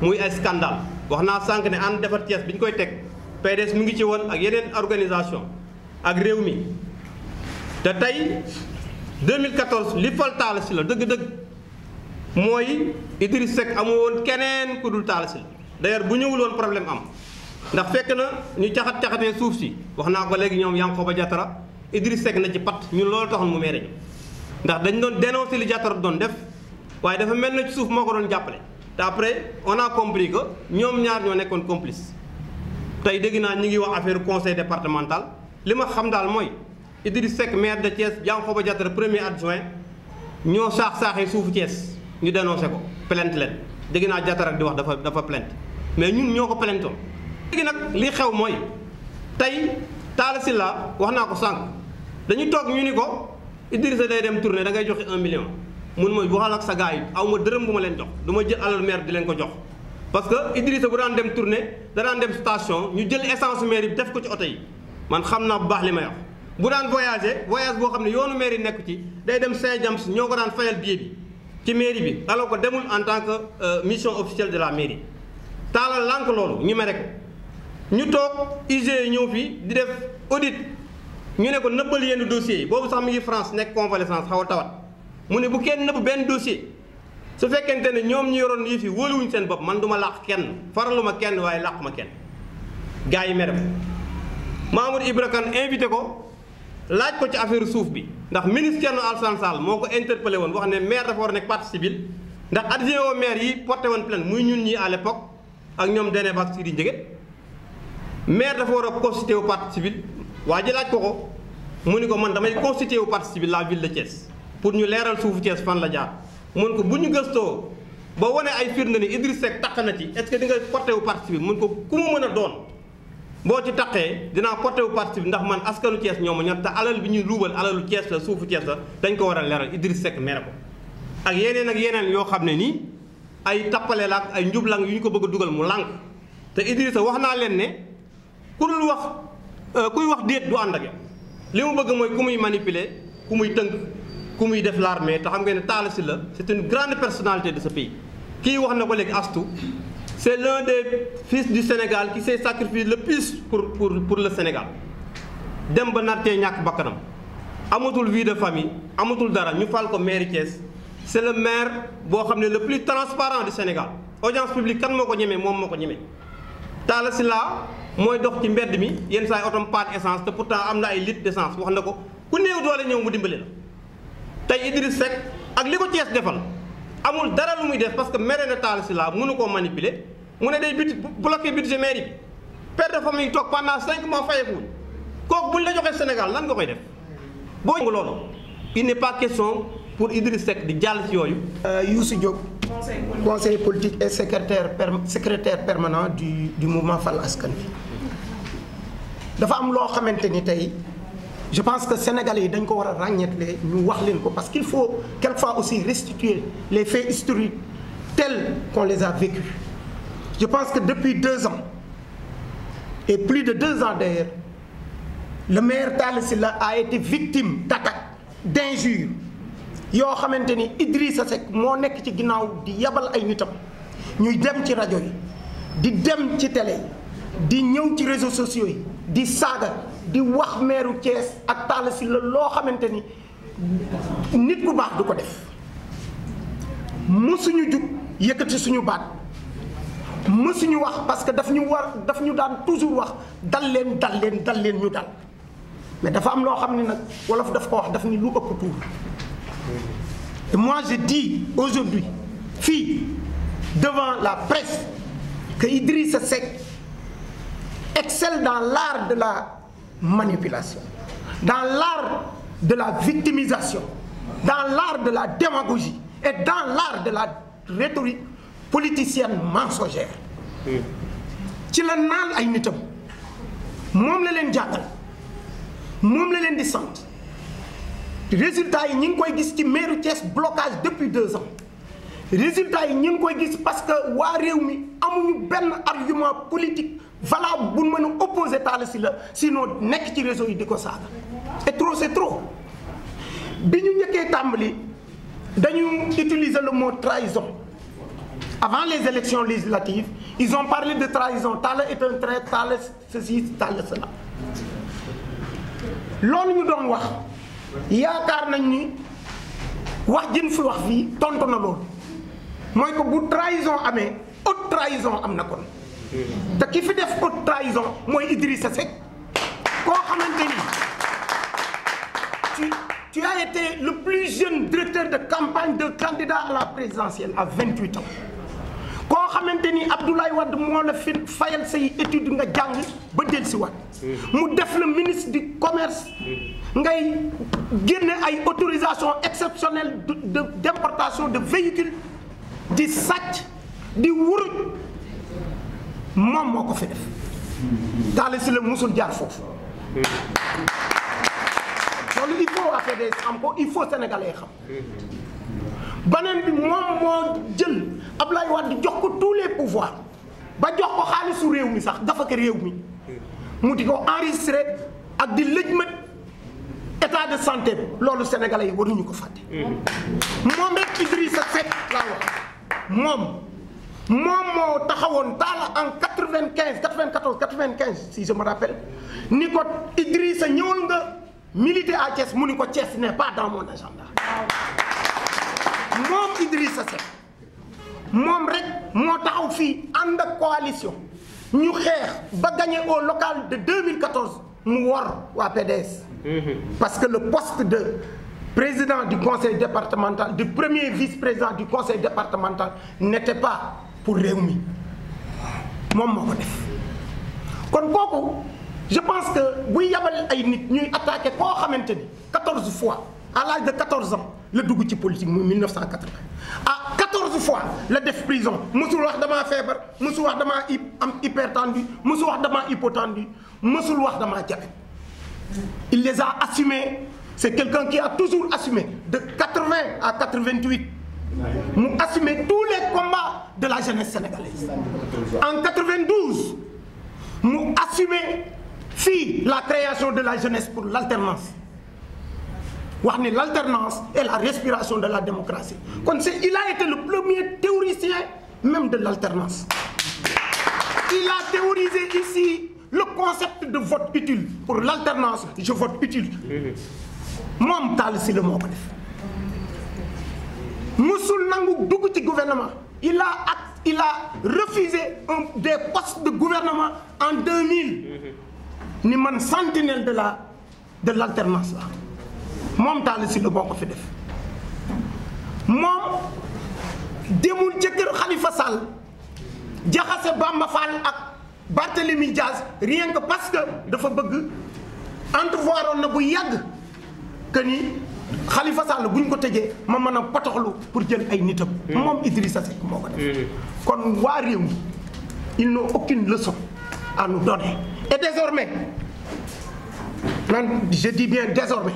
muy ay scandale wax naa sànq ne ànd defar Thiès bi ñu koy teg PDS mu ngi ci woon ak yeneen organisation ak réew mi te tey 2014 li fal Talla Sylla la dëgg-dëgg mooy Idriss Seck amu woon keneen ku dul Talla Sylla d'ailleurs bu ñëwuloon woon problème am ndax fekk na ñu caxat caxatee suuf si wax naa ko léegi ñoom Yankhoba Diattara Idriss Seck na ci pat ñun loolu taxoon mu mee ñu ndax dañ doon dénoncer li Diattara doon def waaye dafa mel na ci suuf moo ko doon jàppale te après on a compris que ñoom ñaar ñoo nekkoon complice tey dégg naa ñi ngi wax affaire conseil départemental li ma xam daal mooy Idriss Seck maire de Thiès Diankhoba Diattara premier adjoint ñoo saax saaxee suufu Thiès ñu dénoncé ko pelent leen dégg naa Diattara di wax dafa dafa plainte mais ñun ñoo ko plaintoon léegi nag li xew mooy tey Talla Sylla wax naa ko sànq dañu toog ñu ni ko Idrissa day dem tourner da ngay joxe un million mun ma waxal ak sa gars yi aw ma dërëm bu ma leen jox du ma jël alal maire di leen ko jox parce que Idrissa bu daan dem tournée da daan dem station ñu jël essence maire bi def ko ci oto yi man xam naa bu baax li ma wax bu daan voyagé voyage boo xam ne yoonu maire yi nekk ci day dem Saint-James ñoo ko daan fayal billet bi ci mairie bi alors ko demul en tant que euh, mission officielle de la mairie taalal lànk loolu ñu mere ñu toog UG ñëw fii di def audit ñu ne ko nëbbal yenn dossiers yi boobu sax mi ngi France nekk xaw a mu ne bu kenn nëbb benn dossier su fekkente ne ñoom ñu yoroon yëf yi wóoluwuñ seen bopp man duma ma làq kenn faralu ma kenn waaye làqu ma kenn gars yi mere ko Mamour Ibra invité ko laaj ko ci affaire suuf bi ndax ministère no Alassane Sall moo ko interpellé woon wax ne maire dafa war nekk partie civile ndax adjoint au yi porté woon plainte muy ñun ñii à l'époque ak ñoom dene bak si di njëge maire dafa war a constitué wu partie civile waa ji laaj ko ko mu ne ko man damay constitué wu partie la ville de pour ñu leeral suufu Thiès fan la jaar mën ko bu ñu gëstoo ba wane ay firnde ni Idriss Seck taq na ci est-ce que di nga porté wu parti bi mun ko ku mu mën a doon boo ci taqee dinaa porté wu parti bi ndax man askanu cees ñoom ñett te alal bi ñuy luubal alalu Thiès la suufu Thiès la dañ ko war a leeral Idriss Seck mere ko ak yeneen ak yeneen yoo xam ne nii ay tappale la ay njublang yu ñu ko bëgg dugal mu lànk te Idrissa wax naa leen ne ku lu wax euh, kuy wax déet du ànd li mu bëgg mooy ku muy manipuler ku muy tënk ku muy def l'armée te xam nga ne Talla Sylla c'est une grande personnalité de ce pays kii wax na ko léegi Astou c'est l'un des fils du Sénégal qui s'est sacrifié le plus pour pour pour le Sénégal dem ba nattee ñàkk bakkanam amatul vie de famille amatul dara ñu fal ko maire Thiès c'est le maire boo xam ne le plus transparent du Sénégal audience publique kan moo ko ñemee moom moo ko ñemee Talla la mooy dox ci mbedd mi yenn saa yi otom paat essence te pourtant am na ay litres d'essence wax na ko ku néew doole tey Idriss Seck ak li ko Thiès defal amul dara lu muy def parce que maire na Talla Sylla mënu koo manipuler mu ne day budget bloqué budget mairie bi père de famille toog pendant 5 mois fayekuwul kooku buñ la joxee Sénégal lan nga koy def boo yëngu loolu il n'est pour Idriss Seck di jàll si yooyu. Euh, Youssou Diop. conseil politique conseil politique et secrétaire per secrétaire permanent du du mouvement Fal Askan Wi dafa am loo xamante ni tey. je pense que sénégal yi dañ ko war a ràññetle ñu wax leen ko parce que qu'il faut fois aussi restituer les faits historiques tels qu'on les a vécus je pense que depuis deux ans et plus de deux ans d'ailleurs le maire Talla Sylla a été victime d'attaques d'injures yoo xamante ni Idrissa Seck moo nekk ci ginnaaw di yabal ay nitam ñuy dem ci rajo yi di dem ci tele yi di ñëw ci réseaux sociaux yi di saaga di wax meeru Thiès ak si la loo xamante ni nit ku baax du ko def mu suñu jug yëkkati suñu baat suñu wax parce que daf ñu war daf ñu daan toujours wax dal leen dal leen dal leen ñu dal mais dafa am loo xam ne nag wolof daf ko wax daf ni lu ëpp tuur et moi je dis aujourd'hui fii devant la presse que Idrissa Seck excelle dans l'art de la manipulation, dans l'art de la victimisation, dans l'art de la démagogie et dans l'art de la rhétorique politicienne mensongère. ci la naan ay nitam moom la leen jàngal moom la leen di sant résultat yi ñu ngi koy gis ci meeru Thiès blocage depuis deux ans résultat yi ñu ngi koy gis parce que waa réew mi amuñu benn argument politique valable bu mën a opposé Talla la sinon nekk ci réseau yi di ko saaga et trop c'est trop bi ñu njëkkee tàmbali dañu utiliser le mot trahison avant les élections législatives ils ont parlé de trahison Talla est un traître Talla ceci Talla cela loolu ñu doon wax yaakaar nañ ni wax jën fi wax fii tontu na loolu mooy ko bu trahison amee haute trahison am na kon te ki fi def haute trahison mooy Idrissa Seck koo xamante ni tu as été le plus jeune directeur de campagne de candidat à la présidentielle à 28 ans koo xamante ni Abdoulaye Wade moo la fi fayal say étude nga jàng ba dellusiwaat mu def la ministre du commerce ngay génne ay autorisation exceptionnelle de d'importation de véhicules di sàcc di wuruj moom moo ko fi def Talla Sylla musul jaar foofu loolu il faut APDS xam ko il faut sénégalais xam beneen bi moom moo jël Ablaye Wade jox ko tous les pouvoirs ba jox ko xaalisu réew mi sax dafa ko réew mi mu di ko enregistré ak di lëjmët état de santé bi loolu sénégalais yi waruñu ko fàtte mm-hmm. moom rek Idrissa Seck laa wax moom moom moo taxawoon taala en 95 94 95 si je me rappelle ni ko Idrissa ñëwal nga militer à Thiès mu ni ko Thiès n'est pas dans mon agenda moom Idrissa Seck moom rek moo taxaw fii ànd ak coalition ñu xeex ba gagné au local de 2014 mu wor waa PDS parce que le poste de président du conseil départemental du premier vice-président du conseil départemental n'était pas pour réew mi moom moo ko def kon kooku je pense que buy yabal ay nit ñuy attaqué koo xamante ni 14 fois à l'âge de 14 ans la dugg ci politique mu 1980 ah 14 fois la def prison mësul wax damaa feebar mësul wax damaa am hypertendu mësul wax damaa hypotendu mësul wax damaa diabète il les a assumés c'est quelqu'un qui a toujours assumé de 80 à 88 mu assumer tous les combats de la jeunesse sénégalaise en 92 mu assumer fii la création de la jeunesse pour l'alternance wax ni l'alternance est la respiration de la démocratie kon c'est il a été le premier théoricien même de l'alternance il a théorisé ici le concept de vote utile pour l'alternance je vote utile moom Talla Sylla moo ko musul nangu dugg ci gouvernement il ak il a refusé un des postes de gouvernement en 2000 ni man sentinelle de la de l' alternance la moom Talla Sylla boo ko fi def moom demul ca kër Khalifa Sall jaxase Bamba ak Barthélemy Diaz rien que parce que dafa bëgg entrevoir bu yàgg que Khalifa Sall bu ñu ko tëjee ma mën a potoxlu pour jël ay nitam. Hmm. moom Idrissa Seck moo ko def. Hmm. kon waa réew mi ils n'ont aucune leçon à donner. et désormais nan je bien désormais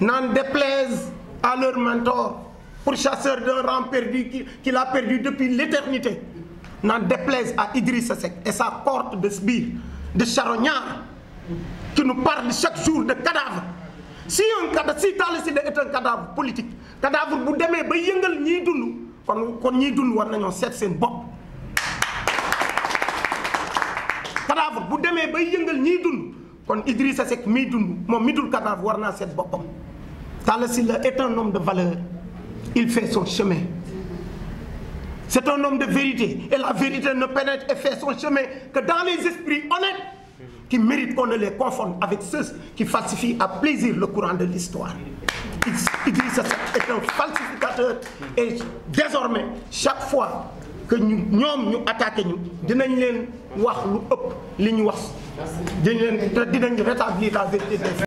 n'en déplaise à leur mentor pour chasseur de rang perdu qui qu'il a perdu depuis l'éternité n'en déplaise à Idrissa Seck et sa cohorte de sbires de charognards qui nous parlent chaque jour de cadavres. si un cadavre si Talla Sylla est un cadavre politique cadavre bu demee ba yëngal ñiy dund kon kon ñiy dund war nañoo seet seen bopp. cadavre bu demee bay yëngal ñiy dund kon Idrissa Seck miy dund moom mi dul cadavre war naa seet boppam. Talla Sylla la un homme de valeur il fait son chemin. C'est un homme de vérité et la vérité ne pénètre et fait son chemin que dans les esprits honnêtes. qui méritent qu'on les confonde avec ceux qui falsifient à plaisir le courant de l'histoire. Idrissa Seck est un falsificateur chaque fois que ñu ñoom ñu attaqué ñu dinañ leen wax lu ëpp li ñu wax. dinañ leen dinañ rétablir la vérité.